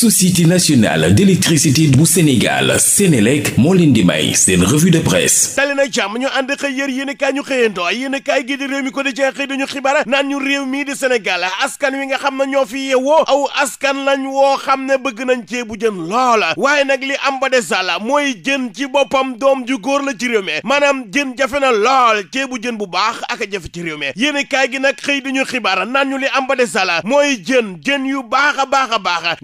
société nationale d'électricité bu Sénégal Sénélec moo leen di may seen revue de presse tali na jàmm ñu ànd xëy yér yéen i kaay ñu xëyandoo yéen i kaay gi di réew mi ko di jeex xëy dañu xibaar naan ñu réew mii di Sénégal askan wi nga xam na ñoo fi yeewoo aw askan lañ woo xam ne bëgg nañ ceebu jën loola waaye nag li am ba desalla mooy jën ci boppam doom ju góor la ci réew mi maanaam jën jafe na lool ceebu jën bu baax ak jafe ci réew mi yéen gi nag xëy dañu xibaar naan ñu li am ba desalla mooy jën jën yu baax a baax a baax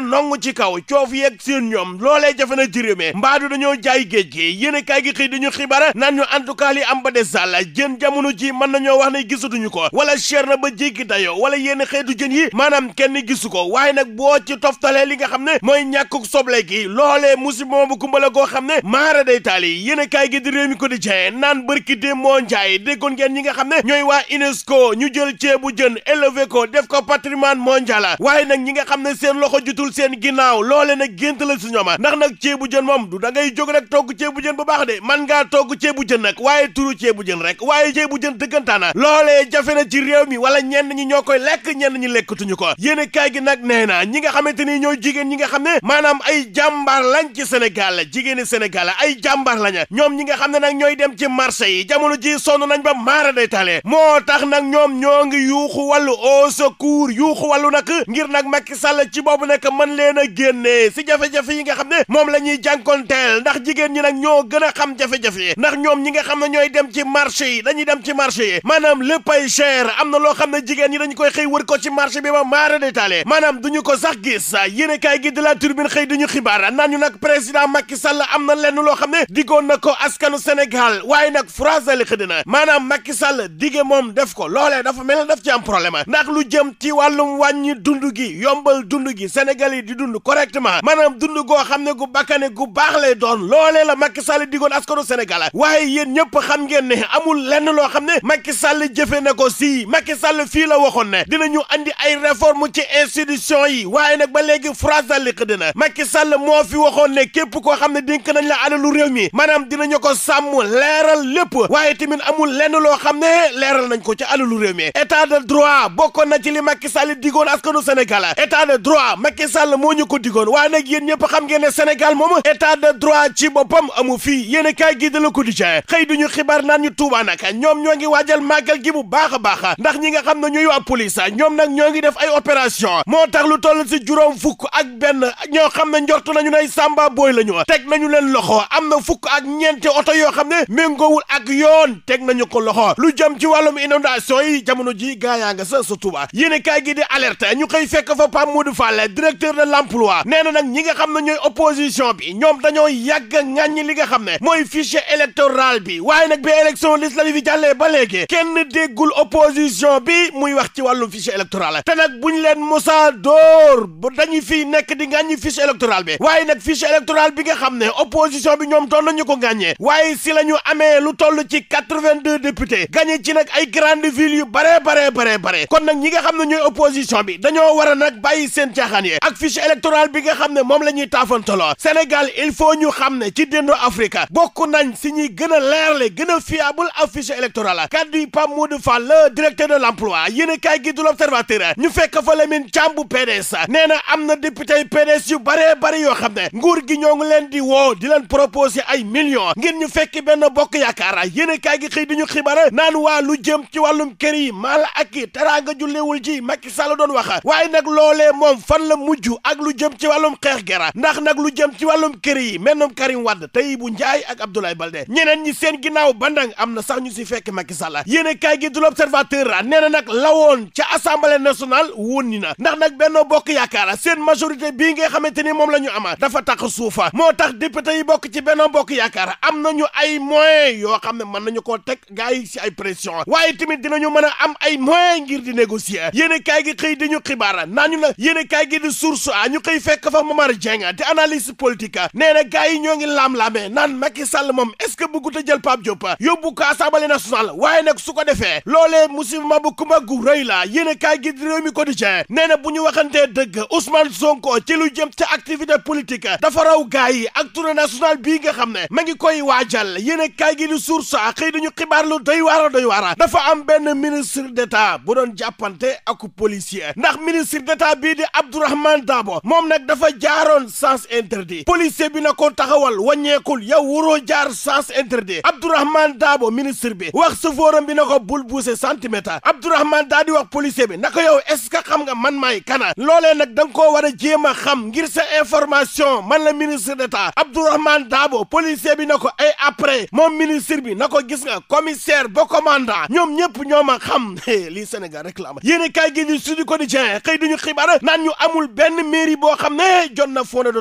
na nongu ci kaw coof yeeg seen ñoom loolee jafe na ci réew mi mbaadu dañoo jaay géej gi yéen kaay gi xëy di ñu xibara naan ñu en tout cas li am ba des sàll jën jamono ji mën nañoo wax ne gisatuñu ko wala cher na ba jéggi dayo wala yéen xeetu jën yi maanaam kenn gisu ko waaye nag boo ci toftalee li nga xam ne mooy ñàkkuk soble gi loolee musiba bu kumbala koo xam ne maara day taal yi yéen gi di réew mi ko di jaay naan bërki dé moo njaay déggoon ngeen ñi nga xam ne ñooy waa UNESCO ñu jël ceebu jën élevé ko def ko patrimoine mondial waaye nag ñi nga xam ne seen loxo jutul seen ginnaaw loole nag gént la si ñooma ah. ndax nag ceebu jën moom du da ngay jóg rek togg ceebu jën bu baax de man ngaa togg ceebu jën nag waaye turu ceebu jën rek waaye ceebu jën dëggantaana ah. loolee jafe na ci réew mi wala ñenn ñi ñoo koy lekk ñenn ñi lekkatuñu ko yéene kaay gi nag nee na ñi nga xamante ni ñooy jigéen ñi nga xam ne maanaam ay jàmbaar lañ ci Sénégal jigéeni Sénégal ay jàmbaar laña ah. ñoom ñi nga xam ne nag ñooy dem ci marché yi jamono ji sonn nañ ba maara day talee moo tax nag ñoom ñoo ngi yuuxu wàllu au secours yuuxu wàllu nag ngir nag Macky Sall ci boobu nekk mën leen a génnee si jafe yi nga xam ne moom la ñuy jànkonteel ndax jigéen ñi nag ñoo gën a xam jafe ndax ñoom ñi nga xam ne ñooy dem ci marché yi dañuy dem ci marché yi maanaam lépp ay cher am na loo xam ne jigéen ñi dañ koy xëy wër ko ci marché bi ba maara détaillé maanaam duñu ko sax gis yéene kaay gi di la turbine xëy duñu xibaar naan ñu nag président Macky Sall am na lenn loo xam ne diggoon na ko askanu Sénégal waaye nag phrasali xëdd na maanaam Macky Sall dige moom def ko loolee dafa mel na daf ci am problème ndax lu jëm ci wàllum wàññi dund gi yombal dund gi Sénégal Sénégal yi di dund correctement maanaam dund goo xam ne gu bakkane gu baax lay doon loolee la Macky Sall digoon askanu Sénégal waaye yéen ñëpp xam ngeen ne amul lenn loo xam ne Macky Sall jëfe na ko si Macky Sall fii la waxoon ne dinañu andi ay réforme ci institution yi waaye na ba léegi France liq dina Macky Sall moo fi waxoon ne képp ko xam ne dénk nañ la alalu réew mi maanaam dinañu ko sàmm leeral lépp waaye tamit amul lenn loo xam ne leeral nañ ko ci alalu réew mi état de droit bokkoon na ci li Macky Sall Sall moo ñu ko digoon waaye nag yéen ñëpp xam ngeen ne Sénégal moom état de droit ci boppam amu fii yéen a kaay gi de la Quotidien xëy ñu xibaar naan ñu Tuuba nag ñoom ñoo ngi waajal màggal gi bu baax a baax ndax ñi nga xam ne ñooy waa police ñoom nag ñoo ngi def ay opération moo tax lu toll si juróom fukk ak benn ñoo xam ne njortu nañu ne Samba booy la ñu teg na ñu leen loxo am na fukk ak ñeenti oto yoo xam ne méngoowul ak yoon teg nañu ko loxo lu jëm ci wàllum inondation yi jamono ji gaayaa nga sa sa Tuuba yéen a kaay gi di ñu xëy fekk fa secteur de l'emploi nee na nag ñi nga xam ne ñooy opposition bi ñoom dañoo yàgg ŋàññi li nga xam ne mooy fichier électoral bi waaye nag bi élection législative bi jàllee ba léegi kenn déggul opposition bi muy wax ci wàllu fichier électoral te nag buñ leen mosa dóor ba dañu fii nekk di ŋàññi fichier électoral bi waaye nag fichier électoral bi nga xam ne opposition bi ñoom doon nañu ko ŋàññee waaye si la ñu amee lu toll ci quatre-vingt-deux députés gagné ci nag ay grandes villes yu bare bare bare bare kon nag ñi nga xam ne ñooy opposition bi dañoo war a nag bàyyi seen caaxaan yee ak fiche électorale bi nga xam ne moom la ñuy taafantaloo Sénégal il faut ñu xam ne ci déndu Afrique bokk nañ si ñuy gën a leerle gën a fiable ak fiche électorale kaddu yi Pape Modou Fall le directeur de l'emploi yéen a kaay gi du l'observateur ñu fekk fa Lamine Thiam bu PDS nee na am na député PDS yu bare bari yoo xam ne nguur gi ñoo ngi leen di woo di leen proposer ay millions ngir ñu fekk benn bokk yaakaar yéen a kaay gi xëy di ñu xibaar naan waa lu jëm ci wàllum kër yi maal ak teraanga jullewul ji Macky Sall doon wax waaye nag mujj ak lu jëm ci wàllum xeex gera ndax nag lu jëm ci wàllum kër yi mennoom Karim Wade Tahibou Ndiaye ak Abdoulaye Baldé ñeneen ñi seen ginnaaw bandang am na sax ñu si fekk Macky Sall yéene kaay gi du l'observateur a ah nee na nag lawoon ca assemblée nationale wón ni na ndax nag Benno Bokk Yaakaar ah seen majorité bii nga xamante ni moom la ñu ama ah dafa tax suufa moo tax député yi bokk ci Benno Bokk Yaakaar am nañu ay moyens yoo xam ne mën nañu koo teg gars yi si ay pression waaye tamit dinañu mën a am ay moyens ngir di négocier yéene kaay gi xëy di ñu xibaar naa ñu source a ñu koy fekk fa Momar Dieng di analyse politique nee a jël Pape Diop yóbbu ko Assemblée nationale waaye su ko defee loolee musiba bu kumba gu rëy a kaay gi di Rewmi Quotidien nee na bu ñu waxantee ci lu jëm ci activité politique dafa raw gars yi ak bii nga xam ne ma koy waajal yéen a kaay gi a xëy dañu xibaar lu doy dafa am benn ministre d'État bu doon jàppante ak policier ndax ministre d'État bii di Abdourahmane Bilal Daabo moom nag dafa jaaroon sens interdit policier bi na ko taxawal wàññeekul yow waroo jaar sens interdit Abdourahmane Daabo ministre bi wax sëfooram bi na ko bul buuse centimètre Abdourahmane daa di wax policier bi naka yow est ce que xam nga man maay kana loolee nag da nga koo war a jéem a xam ngir sa information man la ministre d'état Abdourahmane Daabo policier bi na ko ay après moom ministre bi na ko gis nga commissaire ba commandant ñoom ñëpp ñoo ma xam a benn mairie boo xam ne jot na fonds de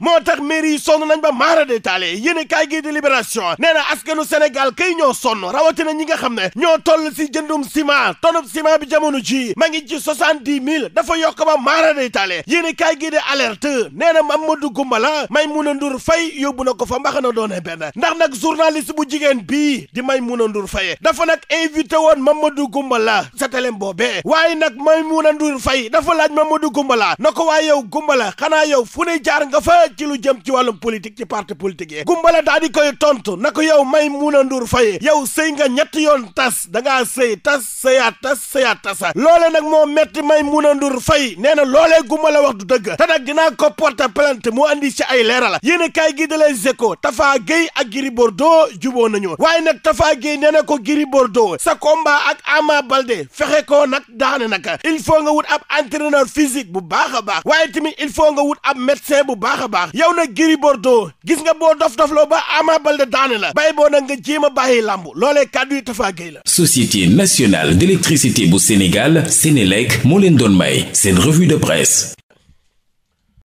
moo tax mairie yi sonn nañ ba maara de taale yéen kaay gi di libération nee na askanu senegal kay ñoo sonn rawatina ñi nga xam ne ñoo toll si jëndum ciment tonub ciment bi jamono ji ma ngi ci soixante-dix mille dafa yokk ba maara de taale yéen kaay gi di alerte nee na Mamadou Goumbala Maimouna Ndour fay yóbbu na ko fa mbax na doone benn ndax nag journaliste bu jigéen bii di Maimouna Ndour Faye dafa nag invité woon Mamadou Goumbala sa telem boobee waaye nag Maimouna Ndour dafa laaj Mamadou Goumbala waaye yow gumbala xanaa yow fu ne jaar nga fa ci lu jëm ci wàllum politique ci parti politique yi gumbala daa di koy tontu na ko yow may muuna nduur faye yow sëy nga ñetti yoon tas da ngaa sëy tas sëyaat tas sëyaat tasa loole nag moo metti may muuna nduur fay nee na loole gumbala wax dëgg te nag dinaa ko porter plainte mu indi ci ay leeral yéen kaay gi da Les Échos Tafa Gueye ak Giri doo juboo nañu waaye nag Tafa Gueye nee na ko Giri Bordeaux sa combat ak Ama Balde fexe ko nag daane naka il faut nga wut ab entraîneur physique bu baax baax waaye tamit il faut nga wut ab médecin bu baax a baax yow nag Gris doo gis nga boo dof dofloo ba Ama Baldé daane la bay boo nag nga jéem a bàyyi làmb loolee kàddu yi Tapha Gueye la Société nationale d'électricité bu Sénégal Sénélec moo leen doon may seen revue de presse